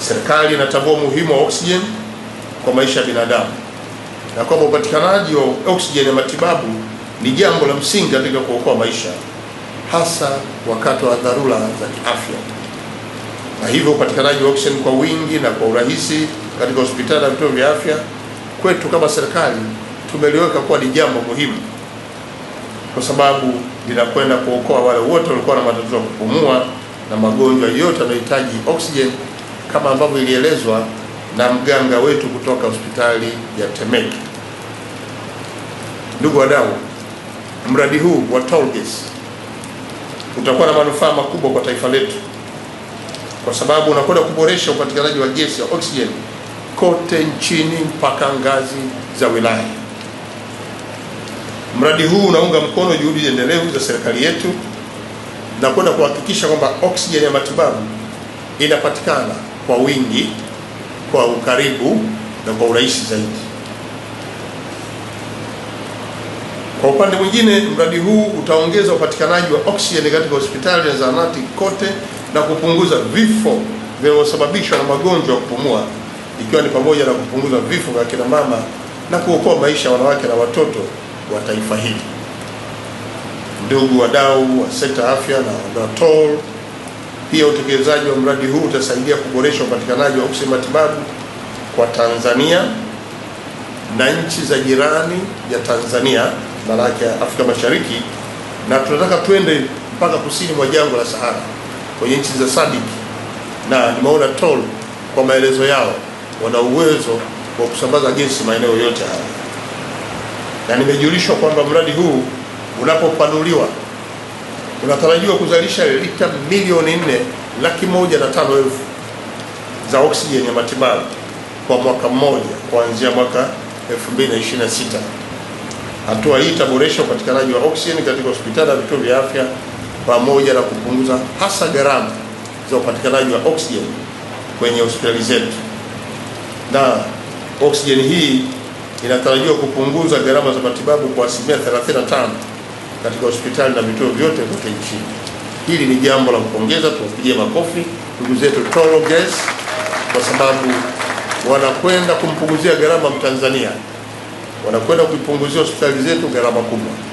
Serikali inatambua umuhimu wa oksijeni kwa maisha ya binadamu na kwamba upatikanaji wa oksijeni ya matibabu ni jambo la msingi katika kuokoa maisha, hasa wakati wa dharura za kiafya, na hivyo upatikanaji wa oksijeni kwa wingi na kwa urahisi katika hospitali na vituo vya afya kwetu kama serikali tumeliweka kuwa ni jambo muhimu, kwa sababu linakwenda kuokoa wale wote walikuwa na matatizo ya kupumua na magonjwa yote yanayohitaji oksijeni kama ambavyo ilielezwa na mganga wetu kutoka hospitali ya Temeke. Ndugu wadau, mradi huu wa Toll Gates utakuwa na manufaa makubwa kwa taifa letu, kwa sababu unakwenda kuboresha upatikanaji wa gesi ya oxygen kote nchini mpaka ngazi za wilaya. Mradi huu unaunga mkono juhudi endelevu za serikali yetu na kwenda kuhakikisha kwamba oxygen ya matibabu inapatikana kwa wingi, kwa ukaribu na kwa urahisi zaidi. Kwa upande mwingine, mradi huu utaongeza upatikanaji wa oksijeni katika hospitali na zahanati kote na kupunguza vifo vinavyosababishwa na magonjwa ya kupumua, ikiwa ni pamoja na kupunguza vifo vya kina mama na kuokoa maisha ya wanawake na watoto wa taifa hili. Ndugu wadau wa sekta afya na Dr. Pia utekelezaji wa mradi huu utasaidia kuboresha upatikanaji wa oksijeni matibabu kwa Tanzania na nchi za jirani ya Tanzania, bara ya Afrika Mashariki, na tunataka twende mpaka kusini mwa jangwa la Sahara kwenye nchi za SADC, na nimeona TOL kwa maelezo yao wana uwezo wa kusambaza gesi maeneo yote haya, na nimejulishwa kwamba mradi huu unapopanuliwa unatarajiwa kuzalisha lita milioni nne laki moja na tano elfu za oksijeni ya matibabu kwa mwaka mmoja kuanzia mwaka 2026. Hatua hii itaboresha upatikanaji wa oksijeni katika hospitali na vituo vya afya pamoja na kupunguza hasa gharama za upatikanaji wa oksijeni kwenye hospitali zetu, na oksijeni hii inatarajiwa kupunguza gharama za matibabu kwa asilimia 35 katika hospitali na vituo vyote kote nchini. Hili ni jambo la kupongeza, tuwapigie makofi ndugu zetu Toro Gas kwa sababu wanakwenda kumpunguzia gharama Mtanzania, wanakwenda kuipunguzia hospitali zetu gharama kubwa.